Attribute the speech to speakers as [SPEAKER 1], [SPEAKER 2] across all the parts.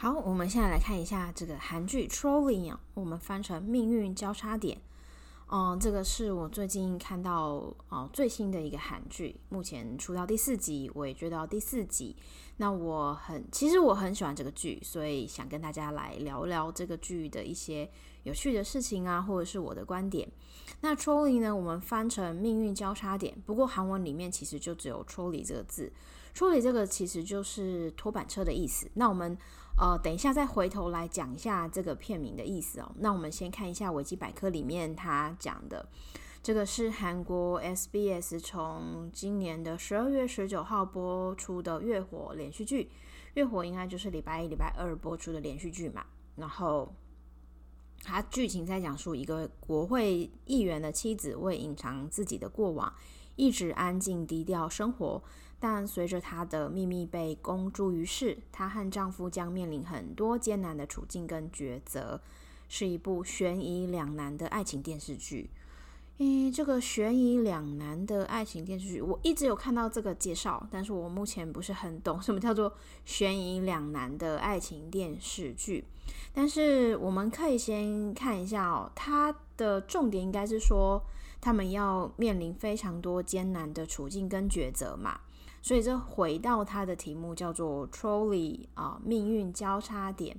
[SPEAKER 1] 好，我們現在來看一下這個韓劇《Trolley》，我們翻成命運交叉點。嗯，這個是我最近看到哦、嗯、最新的一個韓劇，目前出到第四集，我也追到第四集。那我很，其實我很喜歡這個劇，所以想跟大家來聊聊這個劇的一些有趣的事情啊，或者是我的觀點。那 Trolley 呢，我們翻成命運交叉點。不過韓文裡面其實就只有 Trolley 這個字，Trolley 這個其實就是拖板車的意思。那我們。呃，等一下再回頭來講一下這個片名的意思哦。那我們先看一下維基百科裡面它講的，這個是韓國 SBS 從今年的十二月十九號播出的月火連續劇。月火應該就是禮拜一、禮拜二播出的連續劇嘛。然後它劇情在講述一個國會議員的妻子為隱藏自己的過往，一直安靜低調生活。但隨着她的秘密被公諸於世，她和丈夫將面臨很多艱難的處境跟抉擇，是一部懸疑兩難的愛情電視劇。嗯，這個懸疑兩難的愛情電視劇，我一直有看到這個介紹，但是我目前不是很懂什麼叫做懸疑兩難的愛情電視劇。但是我們可以先看一下哦，它的重點應該是說，他們要面臨非常多艱難的處境跟抉擇嘛。所以這回到它的題目叫做 “Trolley” 啊、呃，命運交叉點。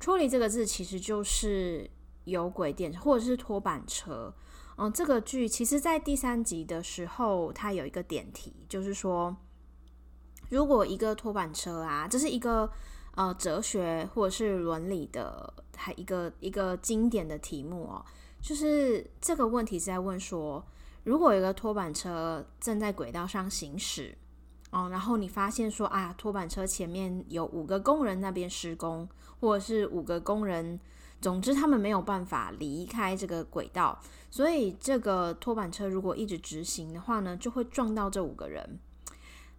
[SPEAKER 1] “Trolley” 這個字其實就是有軌電車或者是拖板車。嗯、呃，這個劇其實在第三集的時候，它有一個點題，就是說，如果一個拖板車啊，這是一個呃哲學或者是倫理的還一個一個經典的題目哦、啊，就是這個問題是在問說，如果一個拖板車正在軌道上行駛。哦，然後你發現說啊，拖板車前面有五個工人那邊施工，或者是五個工人，總之他們沒有辦法離開這個軌道，所以這個拖板車如果一直直行的話呢，就會撞到這五個人。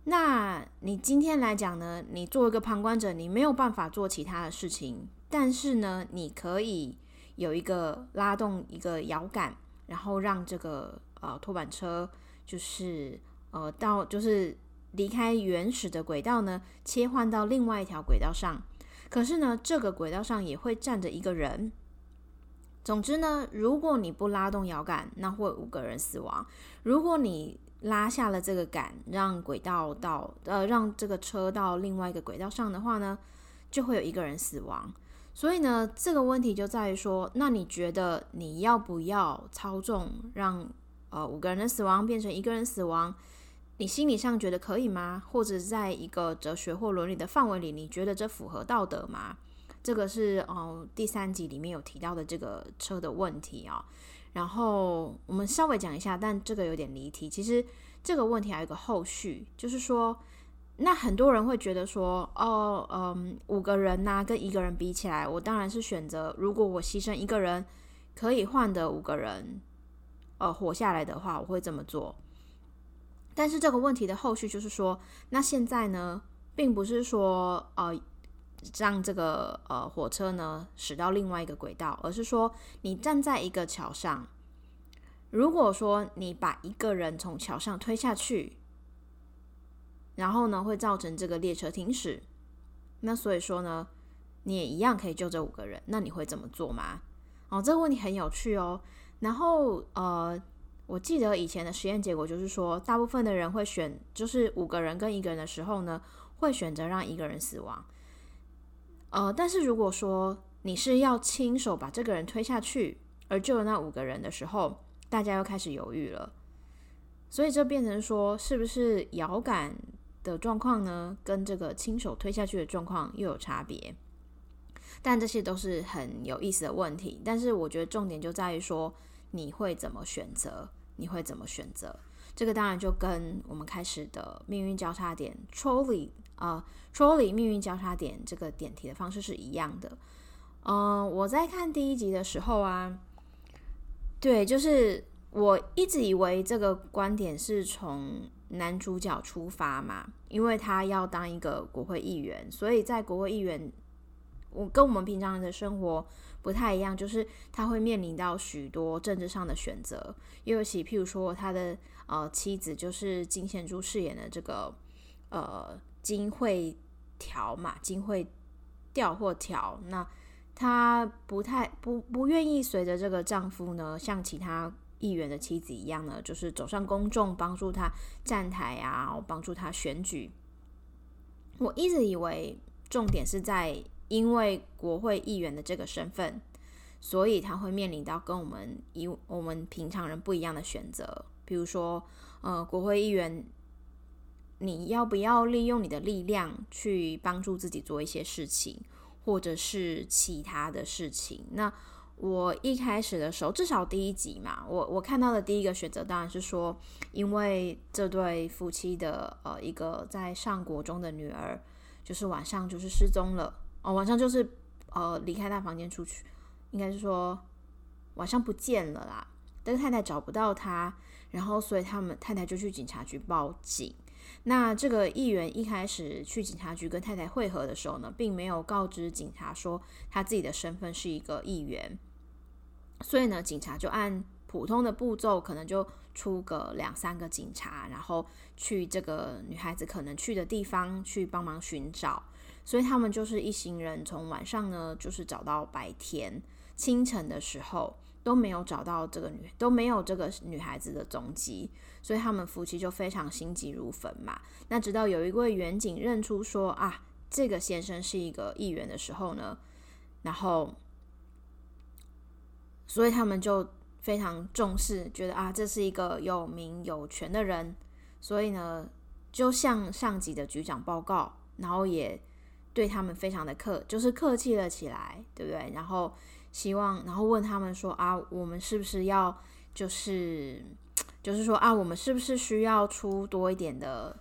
[SPEAKER 1] 那你今天來講呢，你做一個旁觀者，你沒有辦法做其他的事情，但是呢，你可以有一個拉動一個搖桿，然後讓這個呃拖板車就是呃到就是。離開原始的軌道呢，切換到另外一條軌道上。可是呢，這個軌道上也會站着一個人。總之呢，如果你不拉動搖桿，那會有五個人死亡；如果你拉下了這個桿，讓軌道到呃，讓這個車到另外一個軌道上的話呢，就會有一個人死亡。所以呢，這個問題就在於說，那你覺得你要不要操縱讓，讓呃五個人的死亡變成一個人死亡？你心理上覺得可以嗎？或者在一個哲學或倫理的範圍裡，你覺得這符合道德嗎？這個是哦，第三集裡面有提到的這個車的問題啊、哦。然後我們稍微講一下，但這個有點離題。其實這個問題還有一個後續，就是說，那很多人會覺得說，哦，嗯，五個人吶、啊、跟一個人比起來，我當然是選擇，如果我犧牲一個人可以換得五個人呃、哦、活下來的話，我會這麼做。但是這個問題的後續就是說，那現在呢，並不是說呃讓這個呃火車呢駛到另外一個軌道，而是說你站在一個橋上，如果說你把一個人從橋上推下去，然後呢會造成這個列車停駛，那所以說呢，你也一樣可以救這五個人，那你會怎麼做嗎？哦，這個問題很有趣哦，然後呃。我記得以前的實驗結果就是說，大部分的人會選，就是五個人跟一個人的時候呢，會選擇讓一個人死亡。呃，但是如果說你是要親手把這個人推下去而救了那五個人的時候，大家又開始猶豫了。所以這變成說，是不是搖桿的狀況呢，跟這個親手推下去的狀況又有差別？但這些都是很有意思的問題。但是我覺得重點就在於說，你會怎麼選擇？你會怎麼選擇？這個當然就跟我們開始的命運交叉點，Trolley 啊，Trolley，呃、命運交叉點這個點題的方式是一樣的。嗯、呃，我在看第一集的時候啊，對，就是我一直以為這個觀點是從男主角出發嘛，因為他要當一個國會議員，所以在國會議員，我跟我們平常人的生活。不太一樣，就是他會面臨到許多政治上的選擇，尤其譬如說他的呃妻子就是金賢珠飾演的這個呃金惠調嘛，金惠調或調，那她不太不不願意隨着這個丈夫呢，像其他議員的妻子一樣呢，就是走上公眾幫助他站台啊，幫助他選舉。我一直以為重點是在。因為國會議員的這個身份，所以他會面臨到跟我們以我們平常人不一樣的選擇。比如說，呃，國會議員，你要不要利用你的力量去幫助自己做一些事情，或者是其他的事情？那我一開始的時候，至少第一集嘛，我我看到的第一個選擇當然是說，因為這對夫妻的呃一個在上國中的女兒，就是晚上就是失蹤了。哦，晚上就是，呃，離開他房間出去，應該是說晚上不見了啦。但是太太找不到他，然後所以他們太太就去警察局報警。那這個議員一開始去警察局跟太太會合的時候呢，並沒有告知警察說他自己的身份是一個議員，所以呢，警察就按普通的步驟，可能就出個兩三個警察，然後去這個女孩子可能去的地方去幫忙尋找。所以他們就是一行人，從晚上呢，就是找到白天清晨的時候都沒有找到這個女都沒有這個女孩子的蹤跡，所以他們夫妻就非常心急如焚嘛。那直到有一位員警認出說啊，這個先生是一個議員的時候呢，然後所以他們就非常重視，覺得啊，這是一個有名有權的人，所以呢就向上級的局長報告，然後也。對他們非常的客，就是客氣了起來，對不對？然後希望，然後問他們說：“啊，我們是不是要，就是，就是說啊，我們是不是需要出多一點的，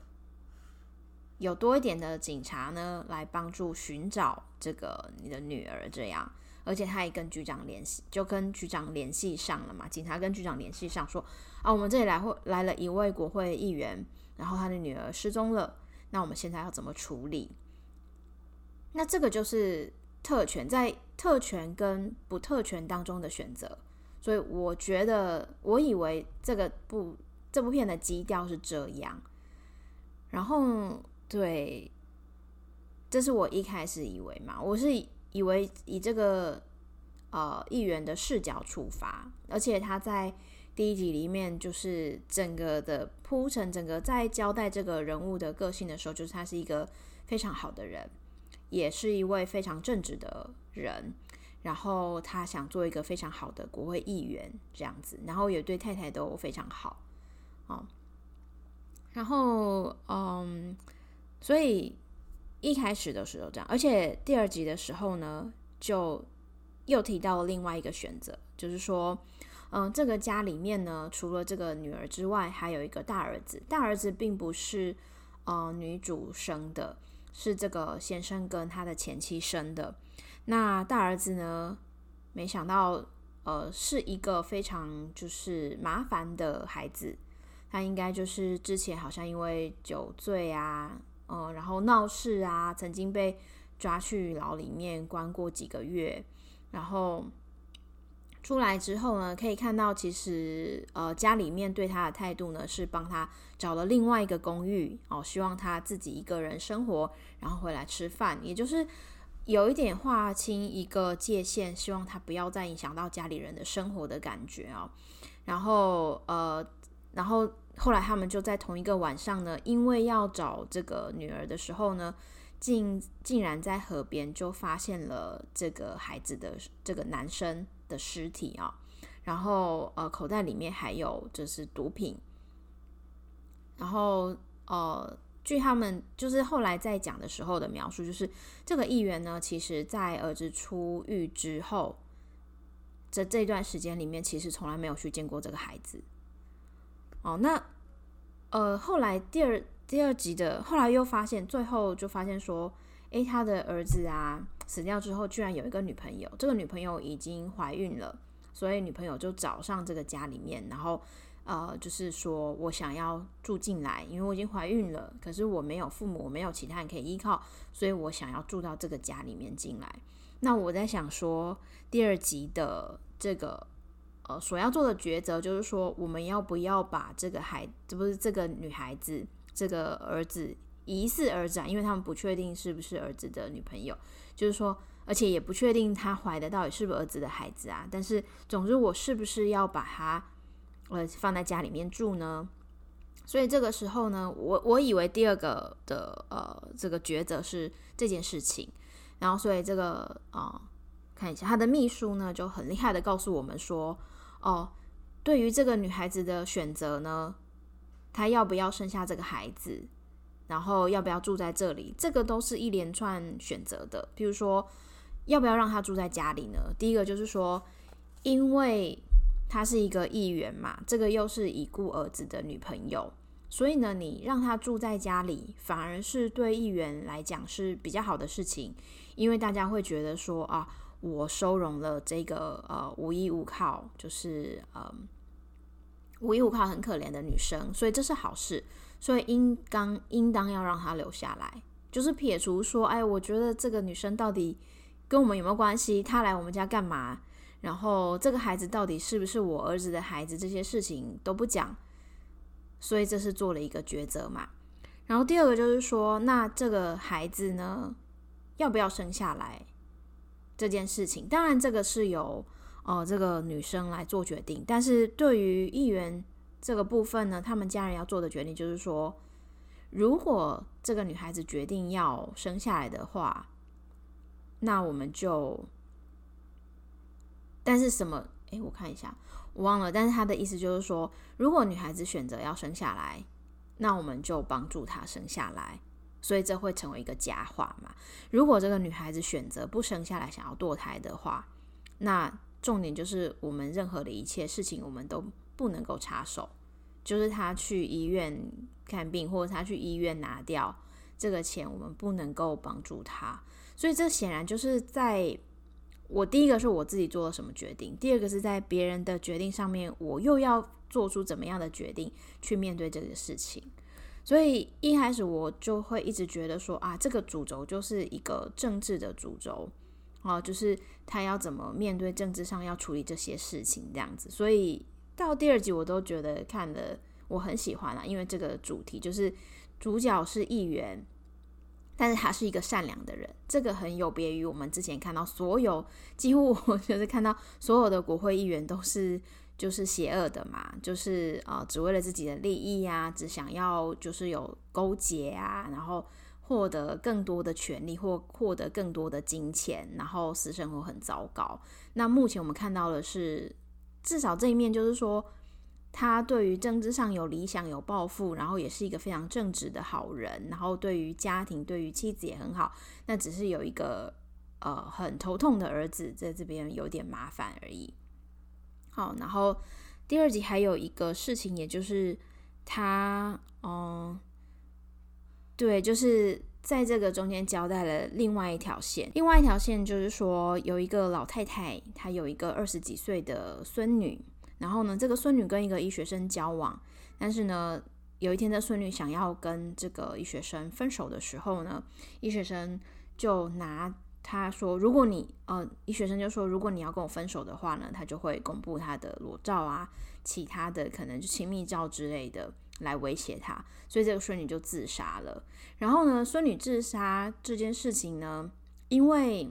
[SPEAKER 1] 有多一點的警察呢，來幫助尋找這個你的女兒？”這樣，而且他也跟局長聯繫，就跟局長聯繫上了嘛。警察跟局長聯繫上，說：“啊，我們這裡來會，來了一位國會議員，然後他的女兒失蹤了，那我們現在要怎麼處理？”那這個就是特權，在特權跟不特權當中的選擇。所以我覺得，我以為這個部這部片的基調是這樣。然後，對，這是我一開始以為嘛。我是以為以這個呃議員的視角出發，而且他在第一集裡面就是整個的鋪陳，整個在交代這個人物的個性的時候，就是他是一個非常好的人。也是一位非常正直的人，然後他想做一個非常好的國會議員這樣子，然後也對太太都非常好哦。然後嗯，所以一開始的時候這樣，而且第二集的時候呢，就又提到了另外一個選擇，就是說，嗯，這個家裡面呢，除了這個女兒之外，還有一個大兒子，大兒子並不是，嗯，女主生的。是這個先生跟他的前妻生的，那大兒子呢？沒想到，呃，是一個非常就是麻煩的孩子。他應該就是之前好像因為酒醉啊，嗯、呃，然後鬧事啊，曾經被抓去牢裡面關過幾個月，然後。出來之後呢，可以看到其實呃家裡面對他的態度呢是幫他找了另外一個公寓哦，希望他自己一個人生活，然後回來吃飯，也就是有一點劃清一個界限，希望他不要再影響到家裡人的生活的感覺哦。然後呃，然後後來他們就在同一個晚上呢，因為要找這個女兒的時候呢，竟竟然在河邊就發現了這個孩子的這個男生。的屍體啊、哦，然後呃，口袋裡面還有就是毒品，然後呃，據他們就是後來在講的時候的描述，就是這個議員呢，其實在兒子出獄之後，這這段時間裡面，其實從來沒有去見過這個孩子。哦，那呃，後來第二第二集的後來又發現，最後就發現說。誒，他的兒子啊死掉之後，居然有一個女朋友，這個女朋友已經懷孕了，所以女朋友就找上這個家裡面，然後呃，就是說我想要住進來，因為我已經懷孕了，可是我沒有父母，我沒有其他人可以依靠，所以我想要住到這個家裡面進來。那我在想說，第二集的這個呃所要做的抉擇，就是說我們要不要把這個孩，這不是這個女孩子，這個兒子。疑似兒子啊，因為他們不確定是不是兒子的女朋友，就是說，而且也不確定他懷的到底是不是兒子的孩子啊。但是，總之，我是不是要把他呃放在家裡面住呢？所以這個時候呢，我我以為第二個的呃這個抉擇是這件事情。然後，所以這個啊、呃，看一下他的秘書呢就很厲害地告訴我們說，哦、呃，對於這個女孩子的選擇呢，她要不要生下這個孩子？然後要不要住在這裡？這個都是一連串選擇的。比如說，要不要讓她住在家裡呢？第一個就是說，因為他是一個議員嘛，這個又是已故兒子的女朋友，所以呢，你讓她住在家裡，反而是對議員來講是比較好的事情，因為大家會覺得說啊，我收容了這個呃無依無靠，就是嗯、呃、無依無靠很可憐的女生，所以這是好事。所以應當應當要讓她留下來，就是撇除說，哎，我覺得這個女生到底跟我們有沒有關係？她來我們家幹嘛？然後這個孩子到底是不是我兒子的孩子？這些事情都不講，所以這是做了一個抉擇嘛。然後第二個就是說，那這個孩子呢，要不要生下來這件事情？當然這個是由哦、呃，這個女生來做決定，但是對於議員。這個部分呢，他們家人要做的決定就是說，如果這個女孩子決定要生下來的話，那我們就……但是什麼？誒，我看一下，我忘了。但是他的意思就是說，如果女孩子選擇要生下來，那我們就幫助她生下來，所以這會成為一個佳話嘛。如果這個女孩子選擇不生下來，想要墮胎的話，那重點就是我們任何的一切事情，我們都。不能夠插手，就是他去醫院看病，或者他去醫院拿掉這個錢，我們不能夠幫助他。所以這顯然就是在我第一個是我自己做了什麼決定，第二個是在別人的決定上面，我又要做出怎麼樣的決定去面對這個事情。所以一開始我就會一直覺得說啊，這個主軸就是一個政治的主軸，啊、呃，就是他要怎麼面對政治上要處理這些事情這樣子，所以。到第二集我都覺得看了我很喜歡了，啊，因為這個主題就是主角是議員，但是他是一個善良的人，這個很有別於我們之前看到所有幾乎我就是看到所有的國會議員都是就是邪惡的嘛，就是啊、呃，只為了自己的利益啊，只想要就是有勾結啊，然後獲得更多的權力或獲得更多的金錢，然後私生活很糟糕。那目前我們看到的是。至少這一面就是說，他對於政治上有理想、有抱負，然後也是一個非常正直的好人，然後對於家庭、對於妻子也很好。那只是有一個呃很頭痛的兒子在這邊有點麻煩而已。好，然後第二集還有一個事情，也就是他，嗯，對，就是。在這個中間交代了另外一條線，另外一條線就是說有一個老太太，她有一個二十幾歲的孫女，然後呢，這個孫女跟一個醫學生交往，但是呢，有一天這孫女想要跟這個醫學生分手的時候呢，醫學生就拿她說，如果你呃醫學生就說如果你要跟我分手的話呢，他就會公布她的裸照啊，其他的可能就親密照之類的。來威脅他，所以這個孫女就自殺了。然後呢，孫女自殺這件事情呢，因為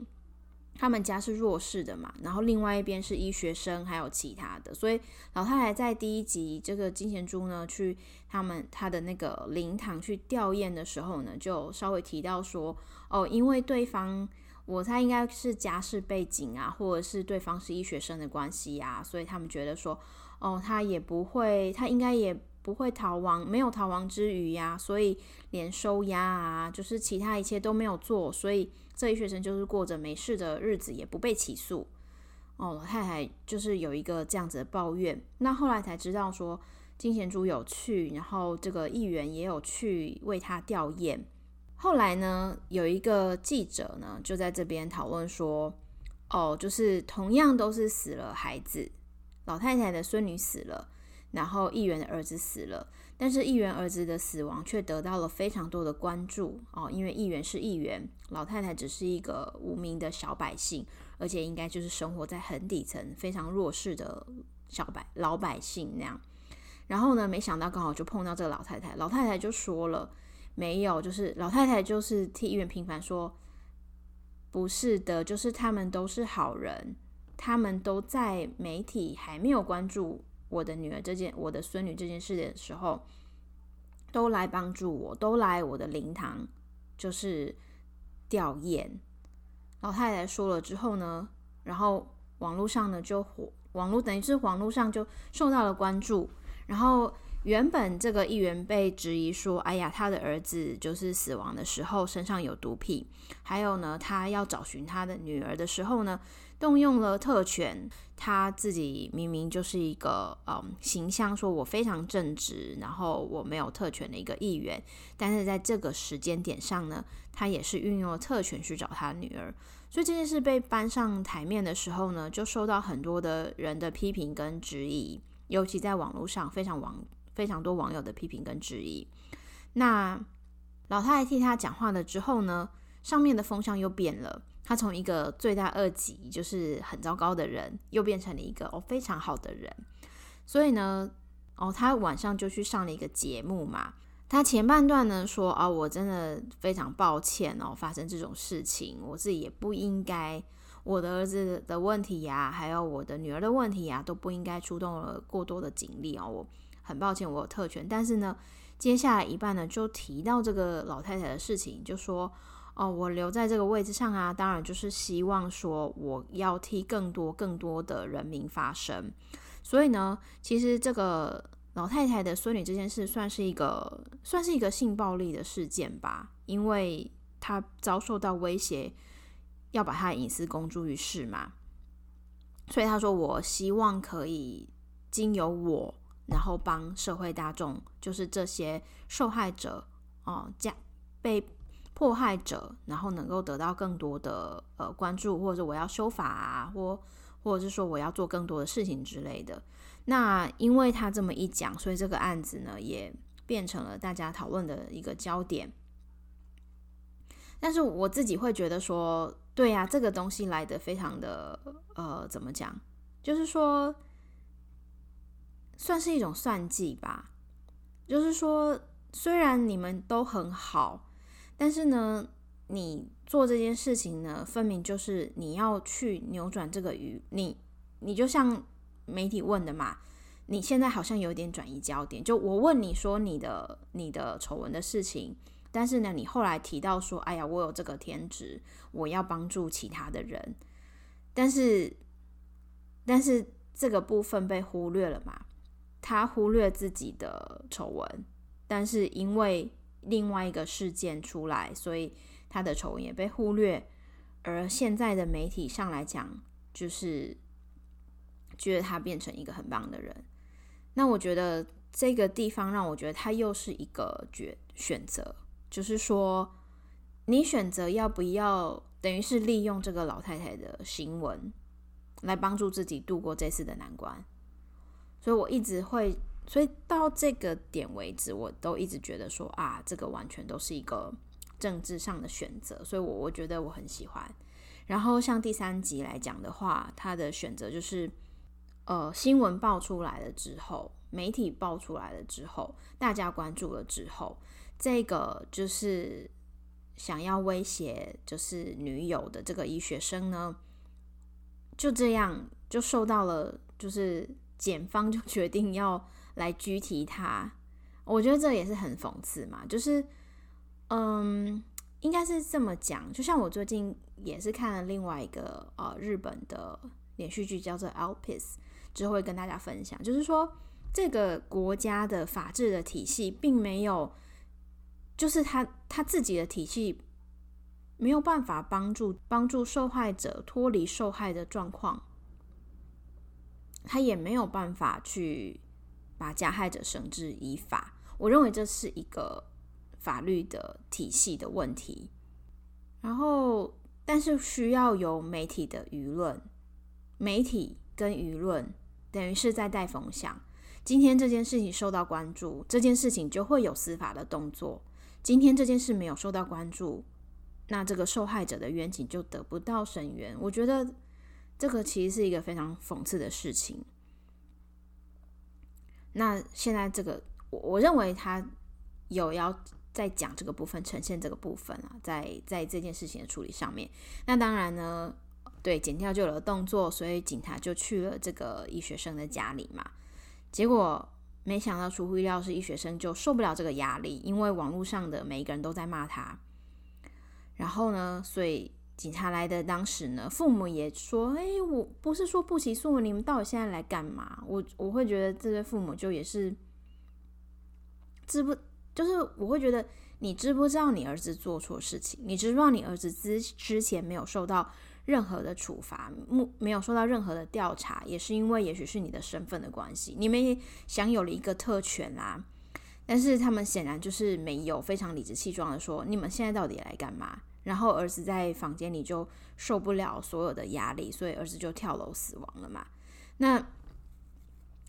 [SPEAKER 1] 他們家是弱勢的嘛，然後另外一邊是醫學生還有其他的，所以老太太在第一集，這個金賢珠呢去他們他的那個靈堂去吊唁的時候呢，就稍微提到說，哦，因為對方，我猜應該是家世背景啊，或者是對方是醫學生的關係呀、啊，所以他們覺得說，哦，他也不會，他應該也。不會逃亡，沒有逃亡之餘呀、啊，所以連收押啊，就是其他一切都沒有做，所以這一學生就是過着沒事的日子，也不被起訴。哦，老太太就是有一個這樣子的抱怨。那後來才知道說金賢珠有去，然後這個議員也有去為他弔唁。後來呢，有一個記者呢就在這邊討論說，哦，就是同樣都是死了孩子，老太太的孫女死了。然後議員的兒子死了，但是議員兒子的死亡卻得到了非常多的關注哦，因為議員是議員，老太太只是一個無名的小百姓，而且應該就是生活在很底層、非常弱勢的小百老百姓那樣。然後呢，沒想到剛好就碰到這個老太太，老太太就說了沒有，就是老太太就是替議員平反，說不是的，就是他們都是好人，他們都在媒體還沒有關注。我的女兒這件，我的孫女這件事的時候，都來幫助我，都來我的靈堂，就是弔唁。老太太說了之後呢，然後網絡上呢就火，網絡等於是網絡上就受到了關注。然後原本這個議員被質疑說，哎呀，他的兒子就是死亡的時候身上有毒品，還有呢，他要找尋他的女兒的時候呢。動用了特權，他自己明明就是一個嗯形象，說我非常正直，然後我沒有特權的一個議員，但是在這個時間點上呢，他也是運用了特權去找他女兒，所以這件事被搬上台面的時候呢，就受到很多的人的批評跟質疑，尤其在網絡上非常網非常多網友的批評跟質疑。那老太太替他講話了之後呢，上面的風向又變了。他從一個罪大惡極、就是很糟糕的人，又變成了一個哦非常好的人。所以呢，哦，他晚上就去上了一個節目嘛。他前半段呢說啊、哦，我真的非常抱歉哦，發生這種事情，我自己也不應該，我的兒子的問題呀、啊，還有我的女兒的問題啊，都不應該出動了過多的警力哦。我很抱歉，我有特權，但是呢，接下來一半呢就提到這個老太太的事情，就說。哦，我留在這個位置上啊，當然就是希望說我要替更多更多的人民發聲。所以呢，其實這個老太太的孫女這件事算是一個算是一個性暴力的事件吧，因為她遭受到威脅要把她的隱私公諸於世嘛。所以她說，我希望可以經由我，然後幫社會大眾，就是這些受害者哦，加被。迫害者，然後能夠得到更多的呃關注，或者我要修法啊，或或者是說我要做更多的事情之類的。那因為他這麼一講，所以這個案子呢也變成了大家討論的一個焦點。但是我自己會覺得說，對呀、啊，這個東西來得非常的呃，怎麼講？就是說，算是一種算計吧。就是說，雖然你們都很好。但是呢，你做這件事情呢，分明就是你要去扭轉這個輿。你你就像媒體問的嘛，你現在好像有點轉移焦點。就我問你說你的你的醜聞的事情，但是呢，你後來提到說，哎呀，我有這個天職，我要幫助其他的人。但是，但是這個部分被忽略了嘛，他忽略自己的醜聞，但是因為。另外一個事件出來，所以他的醜聞也被忽略。而現在的媒體上來講，就是覺得他變成一個很棒的人。那我覺得這個地方讓我覺得他又是一個抉選擇，就是說你選擇要不要，等於是利用這個老太太的新聞來幫助自己度過這次的難關。所以我一直會。所以到這個點為止，我都一直覺得說啊，這個完全都是一個政治上的選擇。所以我，我我覺得我很喜歡。然後，像第三集來講的話，他的選擇就是，呃，新聞爆出來了之後，媒體爆出來了之後，大家關注了之後，這個就是想要威脅就是女友的這個醫學生呢，就這樣就受到了，就是檢方就決定要。來拘提，他我覺得這也是很諷刺嘛，就是嗯，應該是這麼講。就像我最近也是看了另外一個呃日本的連續劇，叫做《Elpis》，之後會跟大家分享。就是說，這個國家的法治的體系並沒有，就是他他自己的體系沒有辦法幫助幫助受害者脫離受害的狀況，他也沒有辦法去。把加害者繩之以法，我認為這是一個法律的體系的問題。然後，但是需要有媒體的輿論，媒體跟輿論等於是在帶風向。今天這件事情受到關注，這件事情就會有司法的動作。今天這件事沒有受到關注，那這個受害者的冤情就得不到伸冤。我覺得這個其實是一個非常諷刺的事情。那現在這個，我我認為他有要在講這個部分，呈現這個部分啊，在在這件事情的處理上面。那當然呢，對，檢調就有了動作，所以警察就去了這個醫學生的家裡嘛。結果沒想到出乎意料，是醫學生就受不了這個壓力，因為網絡上的每一個人都在罵他。然後呢，所以。警察來的當時呢，父母也說：“哎，我不是說不起訴，你們到底現在來幹嘛？”我我會覺得這對父母就也是知不就是我會覺得你知不知道你兒子做錯事情？你知不知道你兒子之之前沒有受到任何的處罰，沒沒有受到任何的調查，也是因為也許是你的身份的關係，你們享有了一個特權啦、啊。但是他們顯然就是沒有非常理直氣壯的說：“你們現在到底來幹嘛？”然後兒子在房間裡就受不了所有的壓力，所以兒子就跳樓死亡了嘛。那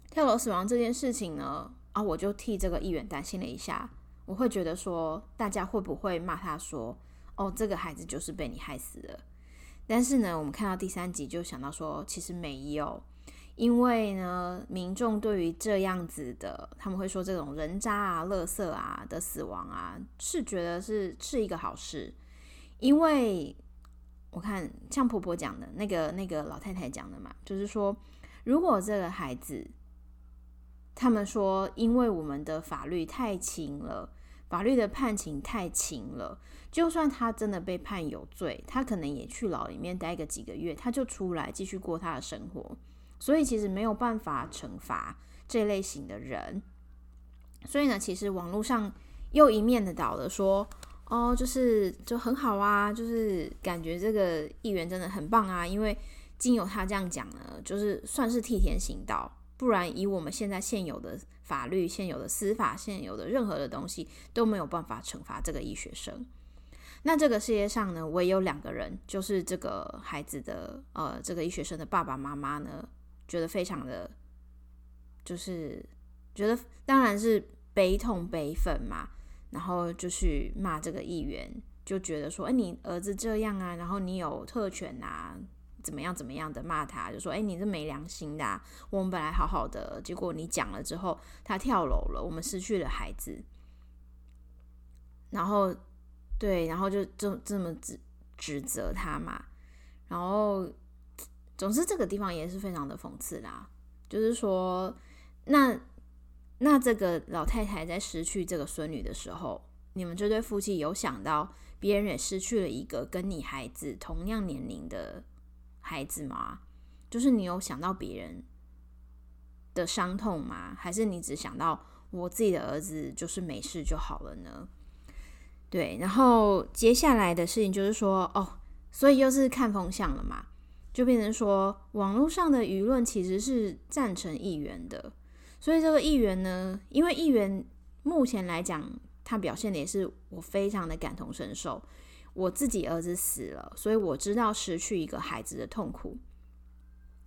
[SPEAKER 1] 跳樓死亡這件事情呢，啊，我就替這個議員擔心了一下。我會覺得說，大家會不會罵他說：“哦，這個孩子就是被你害死的。”但是呢，我們看到第三集就想到說，其實沒有，因為呢，民眾對於這樣子的，他們會說這種人渣啊、垃圾啊的死亡啊，是覺得是是一個好事。因為我看像婆婆講的那個那個老太太講的嘛，就是說，如果這個孩子，他們說，因為我們的法律太輕了，法律的判刑太輕了，就算他真的被判有罪，他可能也去牢裡面待個幾個月，他就出來繼續過他的生活，所以其實沒有辦法懲罰這類型的人。所以呢，其實網絡上又一面的倒了說。哦、oh，就是就很好啊，就是感覺這個議員真的很棒啊，因為經由他這樣講呢，就是算是替天行道，不然以我們現在現有的法律，現有的司法，現有的任何的東西都沒有辦法懲罰這個醫學生。那這個世界上呢，唯有兩個人，就是這個孩子的呃，這個醫學生的爸爸媽媽呢，覺得非常的，就是覺得當然是悲痛悲憤嘛。然後就去罵這個議員，就覺得說，哎，你兒子這樣啊，然後你有特權啊，怎麼樣怎麼樣的罵他，就說，哎，你這沒良心的啊，我們本來好好的，結果你講了之後，他跳樓了，我們失去了孩子。然後，對，然後就就這麼指指責他嘛，然後，總之這個地方也是非常的諷刺啦，就是說，那。那這個老太太在失去這個孫女的時候，你們這對夫妻有想到別人也失去了一個跟你孩子同樣年齡的孩子嗎？就是你有想到別人的傷痛嗎？還是你只想到我自己的兒子就是沒事就好了呢？對，然後接下來的事情就是說，哦，所以又是看風向了嘛，就變成說網絡上的輿論其實是贊成議員的。所以這個議員呢，因為議員目前來講，他表現的也是我非常的感同身受。我自己兒子死了，所以我知道失去一個孩子的痛苦。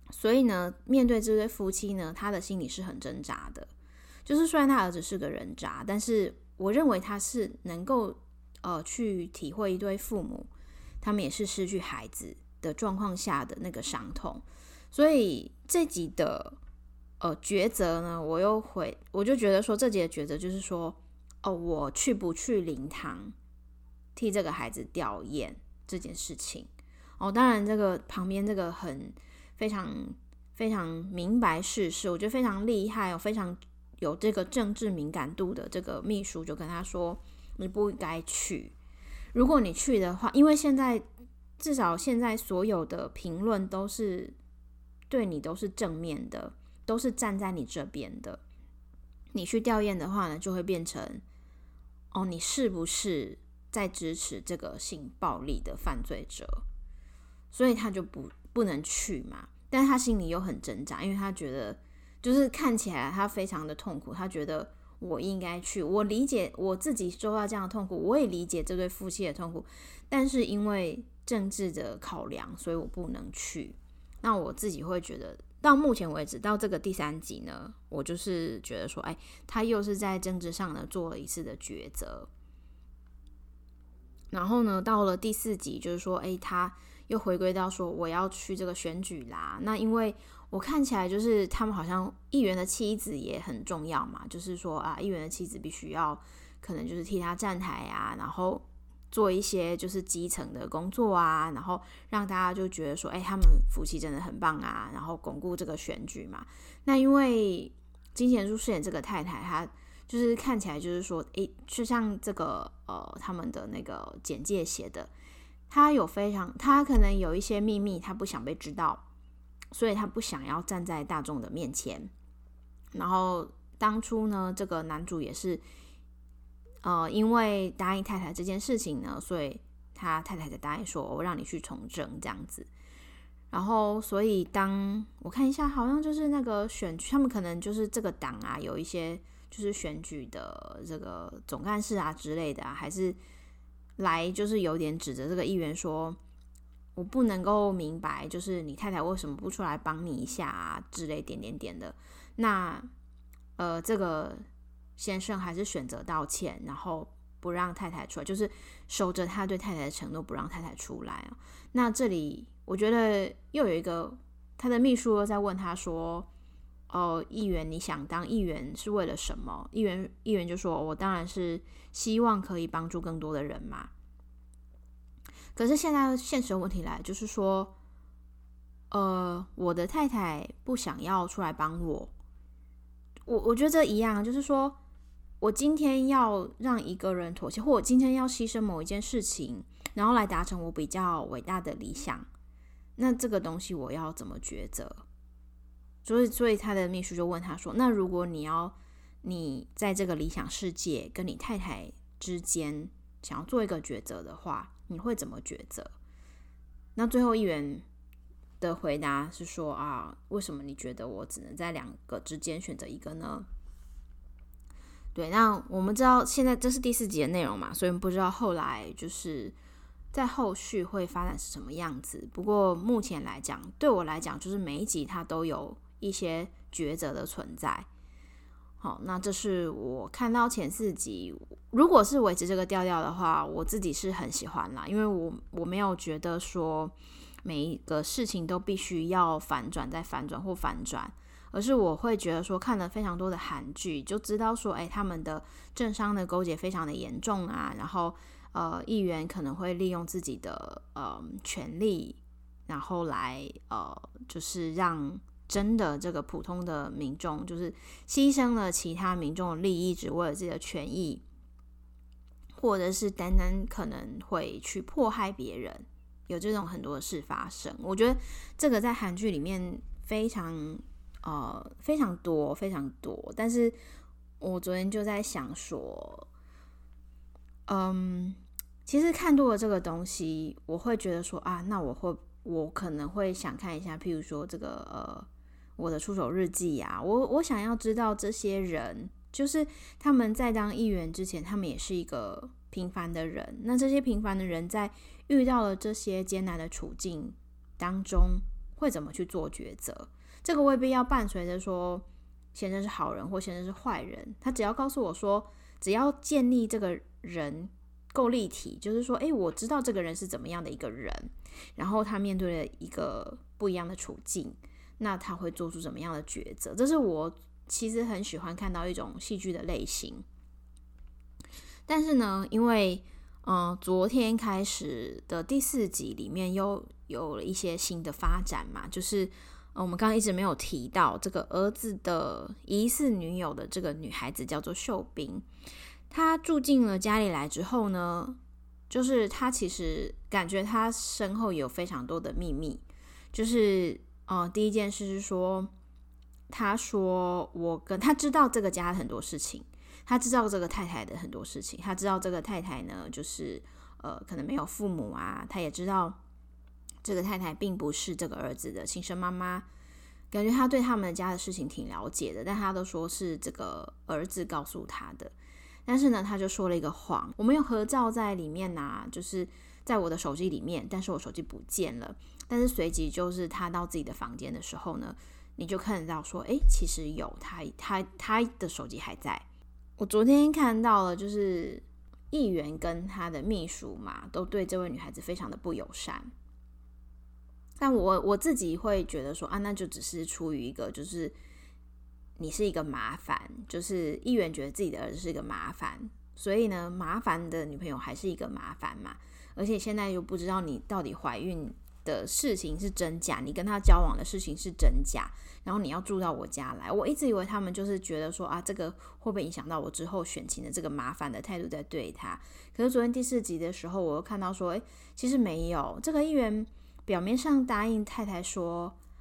[SPEAKER 1] 所以呢，面對這對夫妻呢，他的心裡是很掙扎的。就是雖然他兒子是個人渣，但是我認為他是能夠呃去體會一對父母，他們也是失去孩子的狀況下的那個傷痛。所以這集的。呃，抉擇呢？我又回，我就覺得說，這節抉擇就是說，哦，我去不去靈堂替這個孩子吊唁這件事情？哦，當然，這個旁邊這個很非常非常明白事實，我覺得非常厲害哦，我非常有這個政治敏感度的這個秘書就跟他說：“你不應該去，如果你去的話，因為現在至少現在所有的評論都是對你都是正面的。”都是站在你這邊的，你去吊唁的話呢，就會變成，哦，你是不是在支持這個性暴力的犯罪者？所以他就不不能去嘛。但他心裡又很掙扎，因為他覺得，就是看起來他非常的痛苦，他覺得我應該去。我理解我自己受到這樣的痛苦，我也理解這對夫妻的痛苦，但是因為政治的考量，所以我不能去。那我自己會覺得。到目前為止，到這個第三集呢，我就是覺得說，哎，他又是在政治上呢做了一次的抉擇。然後呢，到了第四集，就是說，哎，他又回歸到說，我要去這個選舉啦。那因為我看起來就是他們好像議員的妻子也很重要嘛，就是說啊，議員的妻子必須要可能就是替他站台啊，然後。做一些就是基層的工作啊，然後讓大家就覺得說，哎、欸，他們夫妻真的很棒啊，然後鞏固這個選舉嘛。那因為金賢珠飾演這個太太，她就是看起來就是說，哎、欸，就像這個呃他們的那個簡介寫的，他有非常他可能有一些秘密，他不想被知道，所以他不想要站在大眾的面前。然後當初呢，這個男主也是。呃，因為答應太太這件事情呢，所以他太太才答應說，我讓你去從政這樣子。然後，所以當我看一下，好像就是那個選舉，他們可能就是這個黨啊，有一些就是選舉的這個總幹事啊之類的，啊，還是來就是有點指責這個議員說，我不能夠明白，就是你太太為什麼不出來幫你一下啊之類點點點的。那呃，這個。先生還是選擇道歉，然後不讓太太出來，就是守着他對太太的承諾，不讓太太出來。那這裡我覺得又有一個他的秘書在問他說：“哦、呃，議員，你想當議員是為了什麼？”議員議員就說：“我當然是希望可以幫助更多的人嘛。”可是現在現實問題來就是說，呃，我的太太不想要出來幫我，我我覺得這一樣，就是說。我今天要讓一個人妥協，或我今天要犧牲某一件事情，然後來達成我比較偉大的理想，那這個東西我要怎麼抉擇？所以，所以他的秘書就問他說：“那如果你要你在這個理想世界跟你太太之間想要做一個抉擇的話，你會怎麼抉擇？”那最後議員的回答是說：“啊，為什麼你覺得我只能在兩個之間選擇一個呢？”對，那我們知道現在這是第四集的內容嘛，所以不知道後來就是在後續會發展是什麼樣子。不過目前來講，對我來講，就是每一集它都有一些抉擇的存在。好，那這是我看到前四集，如果是維持這個調調的話，我自己是很喜歡啦，因為我我沒有覺得說每一個事情都必須要反轉，再反轉或反轉。而是我會覺得說，看了非常多的韓劇，就知道說，哎，他們的政商的勾結非常的嚴重啊。然後，呃，議員可能會利用自己的呃權力，然後來呃，就是讓真的這個普通的民眾，就是犧牲了其他民眾的利益，只為了自己的權益，或者是單單可能會去迫害別人，有這種很多事發生。我覺得這個在韓劇裡面非常。呃，非常多，非常多。但是，我昨天就在想說，嗯，其實看多了這個東西，我會覺得說啊，那我會，我可能會想看一下，譬如說這個呃，我的出走日記呀、啊，我我想要知道這些人，就是他們在當議員之前，他們也是一個平凡的人。那這些平凡的人，在遇到了這些艱難的處境當中，會怎麼去做抉擇？這個未必要伴隨着說，先生是好人或先生是壞人，他只要告訴我說，只要建立這個人夠立體，就是說，誒，我知道這個人是怎麼樣的一個人，然後他面對了一個不一樣的處境，那他會做出怎麼樣的抉擇？這是我其實很喜歡看到一種戲劇的類型。但是呢，因為嗯、呃，昨天開始的第四集裡面又有了一些新的發展嘛，就是。我們剛剛一直沒有提到這個兒子的疑似女友的這個女孩子，叫做秀彬。她住進了家裡來之後呢，就是她其實感覺她身後有非常多的秘密，就是哦、呃、第一件事是說，她說我跟，她知道這個家很多事情，她知道這個太太的很多事情，她知道這個太太呢，就是呃，可能沒有父母啊，她也知道。這個太太並不是這個兒子的親生媽媽，感覺她對他們家的事情挺了解的，但她都說是這個兒子告訴她的。但是呢，她就說了一個謊，我沒有合照在裡面吶、啊，就是在我的手機裡面，但是我手機不見了。但是隨即就是她到自己的房間的時候呢，你就看得到說，哎，其實有她，她她的手機還在。我昨天看到了，就是議員跟他的秘書嘛，都對這位女孩子，非常的不友善。但我我自己會覺得說啊，那就只是出於一個，就是你是一個麻煩，就是議員覺得自己的兒子是一個麻煩，所以呢，麻煩的女朋友還是一個麻煩嘛。而且現在又不知道你到底懷孕的事情是真假，你跟他交往的事情是真假，然後你要住到我家來。我一直以為他們就是覺得說啊，這個會不會影響到我之後選情的這個麻煩的態度在對他。可是昨天第四集的時候，我又看到說，誒，其實沒有，這個議員。表面上答應太太說，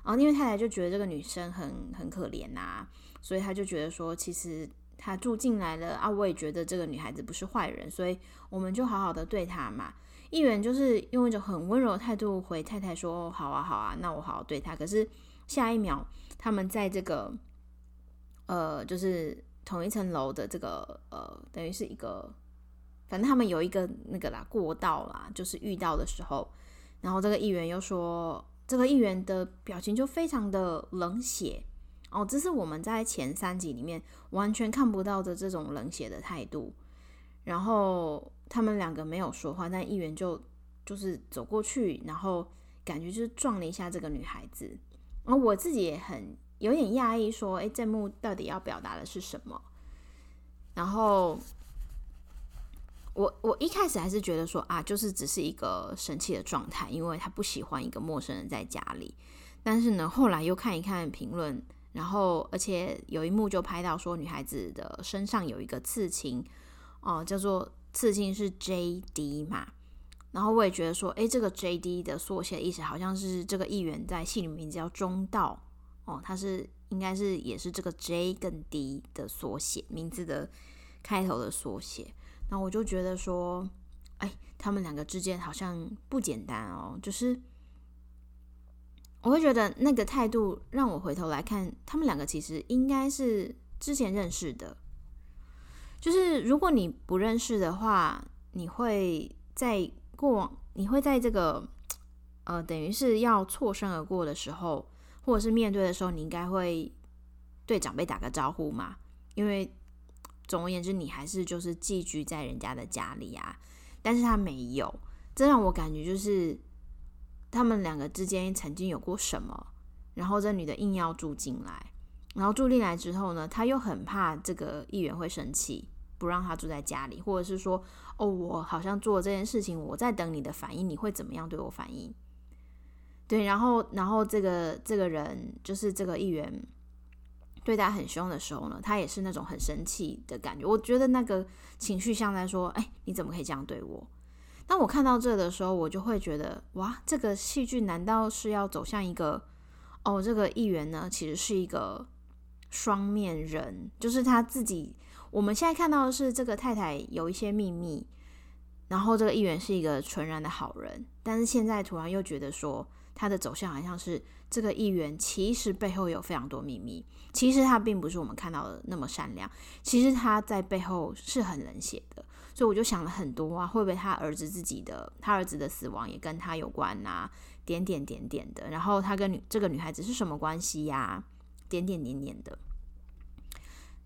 [SPEAKER 1] 然後啊，因為太太就覺得這個女生很很可憐吶啊，所以她就覺得說，其實她住進來了啊，我也覺得這個女孩子不是壞人，所以我們就好好的對她嘛。議員就是用一種很溫柔的態度回太太說，好啊好啊，那我好好對她。可是下一秒，他們在這個呃，就是同一層樓的這個呃，等於是一個，反正他們有一個那個啦，過道啦，就是遇到的時候。然後這個議員又說，這個議員的表情就非常的冷血哦，這是我們在前三集裡面完全看不到的這種冷血的態度。然後他們兩個沒有說話，但議員就就是走過去，然後感覺就是撞了一下這個女孩子。然後我自己也很有點訝異，說，誒，這幕到底要表達的是什麼？然後。我我一開始還是覺得說啊，就是只是一個神奇的狀態，因為他不喜歡一個陌生人在家裡。但是呢，後來又看一看評論，然後而且有一幕就拍到說女孩子的身上有一個刺青，哦，叫做刺青是 J D 嘛。然後我也覺得說，哎，這個 J D 的縮寫的意思好像是這個議員在戲裡名字叫中道哦，他是應該是也是這個 J 跟 D 的縮寫，名字的開頭的縮寫。那我就覺得說，哎，他們兩個之間好像不簡單哦。就是我會覺得那個態度讓我回頭來看，他們兩個其實應該是之前認識的。就是如果你不認識的話，你會在過往，你會在這個呃，等於是要錯身而過的時候，或者是面對的時候，你應該會對長輩打個招呼嘛，因為總而言之，你還是就是寄居在人家的家裡啊，但是他沒有，這讓我感覺就是他們兩個之間曾經有過什麼，然後這女的硬要住進來，然後住進來之後呢，他又很怕這個議員會生氣，不讓他住在家裡，或者是說，哦，我好像做這件事情，我在等你的反應，你會怎麼樣對我反應？對，然後，然後這個這個人就是這個議員。對他很凶的時候呢，他也是那種很生氣的感覺。我覺得那個情緒像在說：“哎，你怎麼可以這樣對我？”當我看到這的時候，我就會覺得：“哇，這個戲劇難道是要走向一個……”哦，這個議員呢，其實是一個雙面人，就是他自己。我們現在看到的是這個太太有一些秘密，然後這個議員是一個純然的好人，但是現在突然又覺得說……他的走向好像是這個議員，其實背後有非常多秘密。其實他並不是我們看到的那麼善良，其實他在背後是很冷血的。所以我就想了很多啊，會不會他兒子自己的，他兒子的死亡也跟他有關吶、啊？點點點點的。然後他跟女這個女孩子是什麼關係呀、啊？點點點點點的。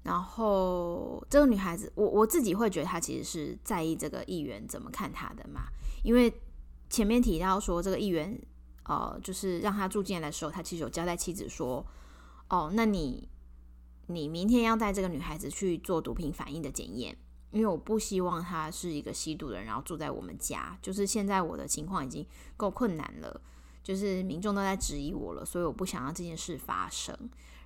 [SPEAKER 1] 然後這個女孩子，我我自己會覺得她其實是在意這個議員怎麼看她的嘛，因為前面提到說這個議員。呃，就是讓他住進來的時候，他其實有交代妻子說：“哦，那你你明天要帶這個女孩子去做毒品反應的檢驗，因為我不希望她是一個吸毒的人，然後住在我們家。就是現在我的情況已經夠困難了，就是民眾都在質疑我了，所以我不想讓這件事發生。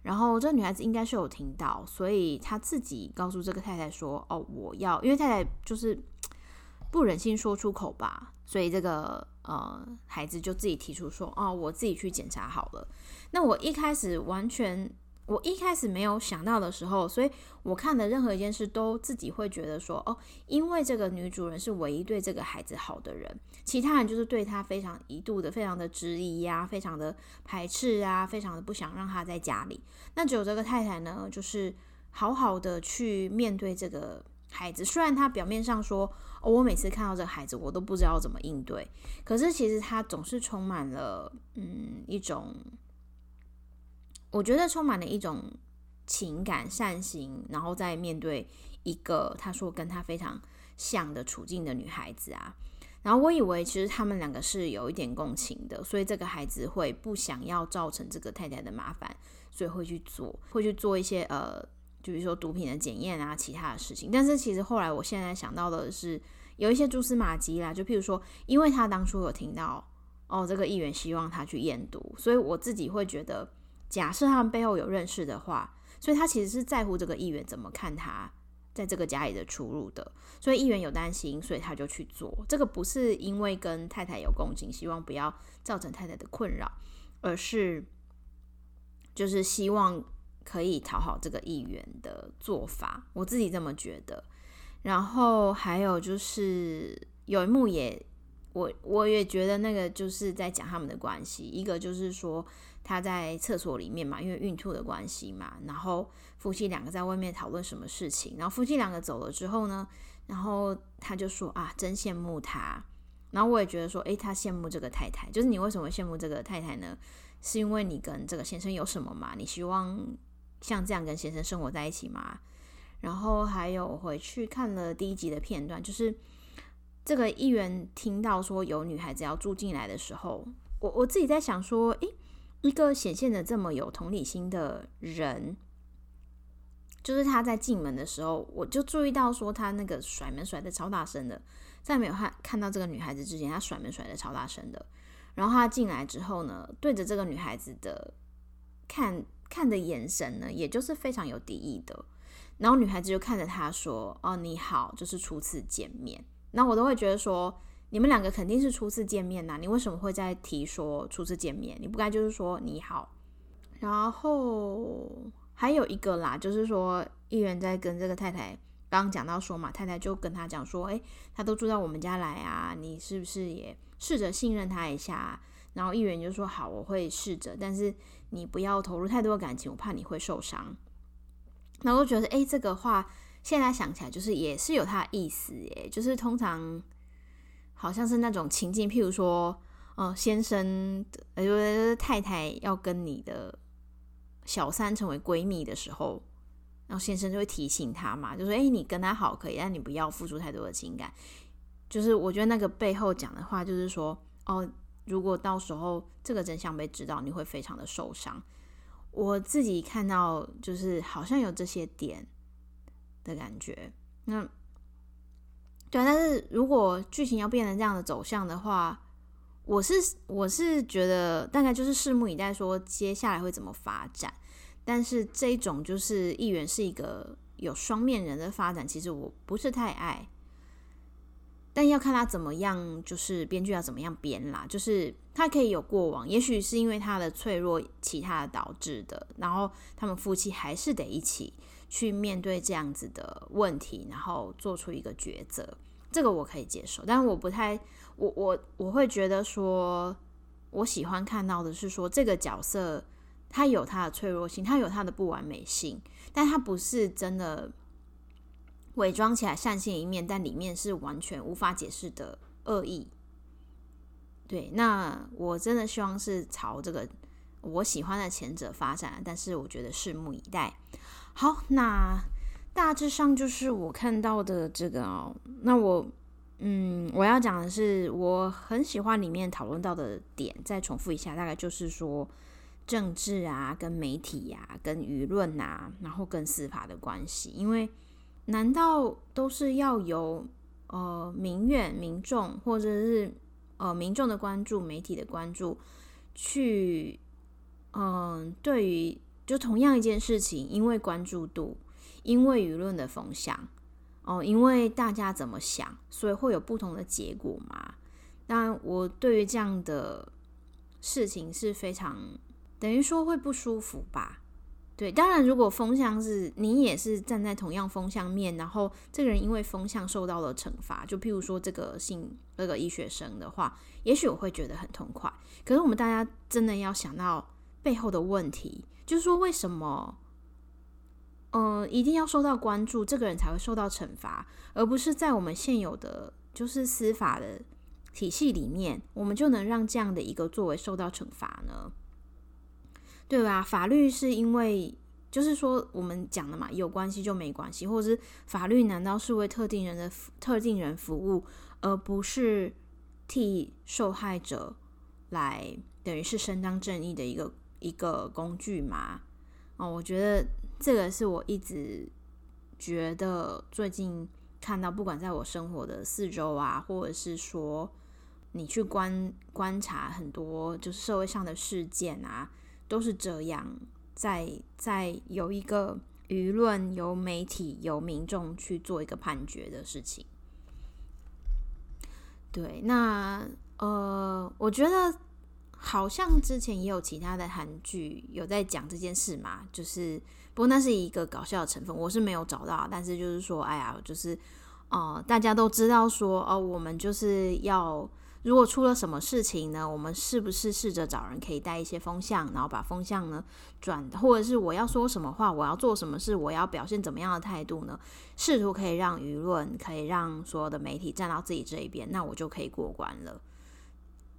[SPEAKER 1] 然後這個女孩子應該是有聽到，所以她自己告訴這個太太說：‘哦，我要’，因為太太就是不忍心說出口吧，所以這個。”呃，孩子就自己提出說：“哦，我自己去檢查好了。”那我一開始完全，我一開始沒有想到的時候，所以我看的任何一件事都自己會覺得說：“哦，因為這個女主人是唯一對這個孩子好的人，其他人就是對她非常一度的、非常的質疑呀、啊，非常的排斥啊，非常的不想讓她在家裡。那只有這個太太呢，就是好好的去面對這個孩子，雖然她表面上說。”哦，我每次看到這個孩子，我都不知道怎麼應對。可是其實他總是充滿了，嗯，一種我覺得充滿了一種情感善行，然後在面對一個他說跟他非常像的處境的女孩子啊。然後我以為其實他們兩個是有一點共情的，所以這個孩子會不想要造成這個太太的麻煩，所以會去做，會去做一些呃。就比如說毒品的檢驗啊、其他的事情。但是其實後來，我現在想到的是，有一些蛛絲馬跡啦。就譬如說，因為他當初有聽到哦，這個議員希望他去驗毒，所以我自己會覺得，假設他們背後有認識的話，所以他其實是在乎這個議員怎麼看他在這個家裡的出入的。所以議員有擔心，所以他就去做。這個不是因為跟太太有共情，希望不要造成太太的困擾，而是就是希望。可以討好這個議員的做法，我自己這麼覺得。然後還有就是有一幕也我我也覺得那個就是在講他們的關係。一個就是說他在廁所裡面嘛，因為孕吐的關係嘛。然後夫妻兩個在外面討論什麼事情。然後夫妻兩個走了之後呢，然後他就說啊，真羨慕他。然後我也覺得說，誒，他羨慕這個太太，就是你為什麼羨慕這個太太呢？是因為你跟這個先生有什麼嘛？你希望。像這樣跟先生生活在一起嘛，然後還有我回去看了第一集的片段，就是這個議員聽到說有女孩子要住進來的時候，我我自己在想說，誒、欸，一個顯現的這麼有同理心的人，就是他在進門的時候，我就注意到說他那個甩門甩得超大聲的，在沒有看看到這個女孩子之前，他甩門甩得超大聲的。然後他進來之後呢，對着這個女孩子的看。看的眼神呢，也就是非常有敵意的。然後女孩子就看着他說：“哦，你好，就是初次見面。”那我都會覺得說，你們兩個肯定是初次見面吶、啊，你為什麼會再提說初次見面？你不該就是說你好？然後還有一個啦，就是說議員在跟這個太太剛剛講到說嘛，太太就跟他講說：“哎、欸，他都住到我們家來啊，你是不是也試着信任他一下？”然後議員就說：“好，我會試着，但是你不要投入太多的感情，我怕你會受傷。”然後我覺得，誒、欸、這個話現在想起來，就是也是有它的意思。耶。就是通常好像是那種情境，譬如說，哦、呃，先生，哎，就是太太要跟你的小三成為閨蜜的時候，然後先生就會提醒他嘛，就說、是：“誒、欸、你跟她好可以，但你不要付出太多的情感。”就是我覺得那個背後講的話，就是說，哦。如果到時候這個真相被知道，你會非常的受傷。我自己看到就是好像有這些點的感覺。那對啊，但是如果劇情要變成這樣的走向的話，我是我是覺得大概就是拭目以待說接下來會怎麼發展。但是這種就是議員是一個有雙面人的發展，其實我不是太愛。但要看他怎麼樣，就是編劇要怎麼樣編啦。就是他可以有過往，也許是因為他的脆弱，其他的導致的。然後他們夫妻還是得一起去面對這樣子的問題，然後做出一個抉擇。這個我可以接受，但我不太，我我我會覺得說，我喜歡看到的是說，這個角色他有他的脆弱性，他有他的不完美性，但他不是真的。偽裝起來善心的一面，但裡面是完全無法解釋的惡意。對，那我真的希望是朝這個我喜歡的前者發展，但是我覺得拭目以待。好，那大致上就是我看到的這個哦、喔。那我嗯，我要講的是，我很喜歡裡面討論到的點，再重複一下，大概就是說政治啊，跟媒體呀、啊，跟輿論啊，然後跟司法的關係，因為。難道都是要由呃民怨、民眾，或者是呃民眾的關注、媒體的關注，去嗯、呃、對於就同樣一件事情，因為關注度，因為輿論的風向，哦、呃，因為大家怎麼想，所以會有不同的結果嗎？當然我對於這樣的事情是非常等於說會不舒服吧。對，當然，如果風向是你也是站在同樣風向面，然後這個人因為風向受到了懲罰，就譬如說這個姓那、這個醫學生的話，也許我會覺得很痛快。可是我們大家真的要想到背後的問題，就是說為什麼，嗯、呃，一定要受到關注，這個人才會受到懲罰，而不是在我們現有的就是司法的體系裡面，我們就能讓這樣的一個作為受到懲罰呢？對吧？法律是因為，就是說我們講的嘛，有關係就沒關係，或者是法律難道是為特定人的特定人服務，而不是替受害者來等於是伸張正義的一個一個工具嗎？哦，我覺得這個是我一直覺得最近看到，不管在我生活的四周啊，或者是說你去觀觀察很多就是社會上的事件啊。都是這樣，在在有一個輿論、有媒體、有民眾去做一個判決的事情。對，那呃，我覺得好像之前也有其他的韓劇有在講這件事嘛，就是不過那是一個搞笑的成分，我是沒有找到。但是就是說，哎呀，就是哦、呃，大家都知道說哦，我們就是要。如果出了什麼事情呢？我們是不是試着找人可以帶一些風向，然後把風向呢轉，或者是我要說什麼話，我要做什麼事，我要表現怎麼樣的態度呢？試圖可以讓輿論，可以讓所有的媒體站到自己這一邊，那我就可以過關了。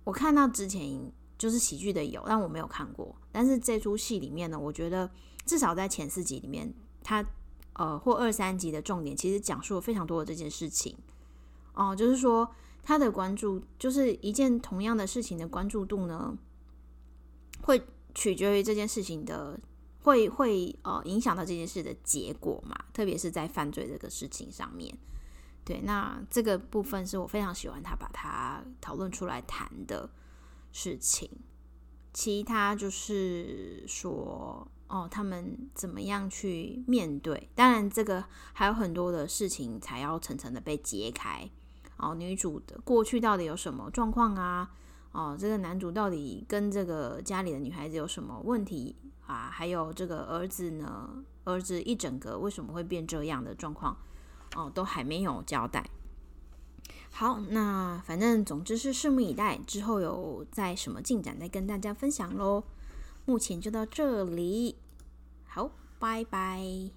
[SPEAKER 1] 我看到之前就是喜劇的有，但我沒有看過。但是這出戲裡面呢，我覺得至少在前四集裡面，它呃或二三集的重點其實講述了非常多的這件事情哦、呃，就是說。他的關注就是一件同樣的事情的關注度呢，會取決於這件事情的，會會呃影響到這件事的結果嘛？特別是在犯罪這個事情上面。對，那這個部分是我非常喜歡他把它討論出來談的事情。其他就是說，哦、呃，他們怎麼樣去面對。當然，這個還有很多的事情才要層層的被揭開。哦，女主的過去到底有什麼狀況啊？哦，這個男主到底跟這個家裡的女孩子有什麼問題啊？還有這個兒子呢？兒子一整個為什麼會變這樣的狀況？哦，都還沒有交代。好，那反正總之是拭目以待，之後有再什麼進展再跟大家分享嘍。目前就到這裡，好，拜拜。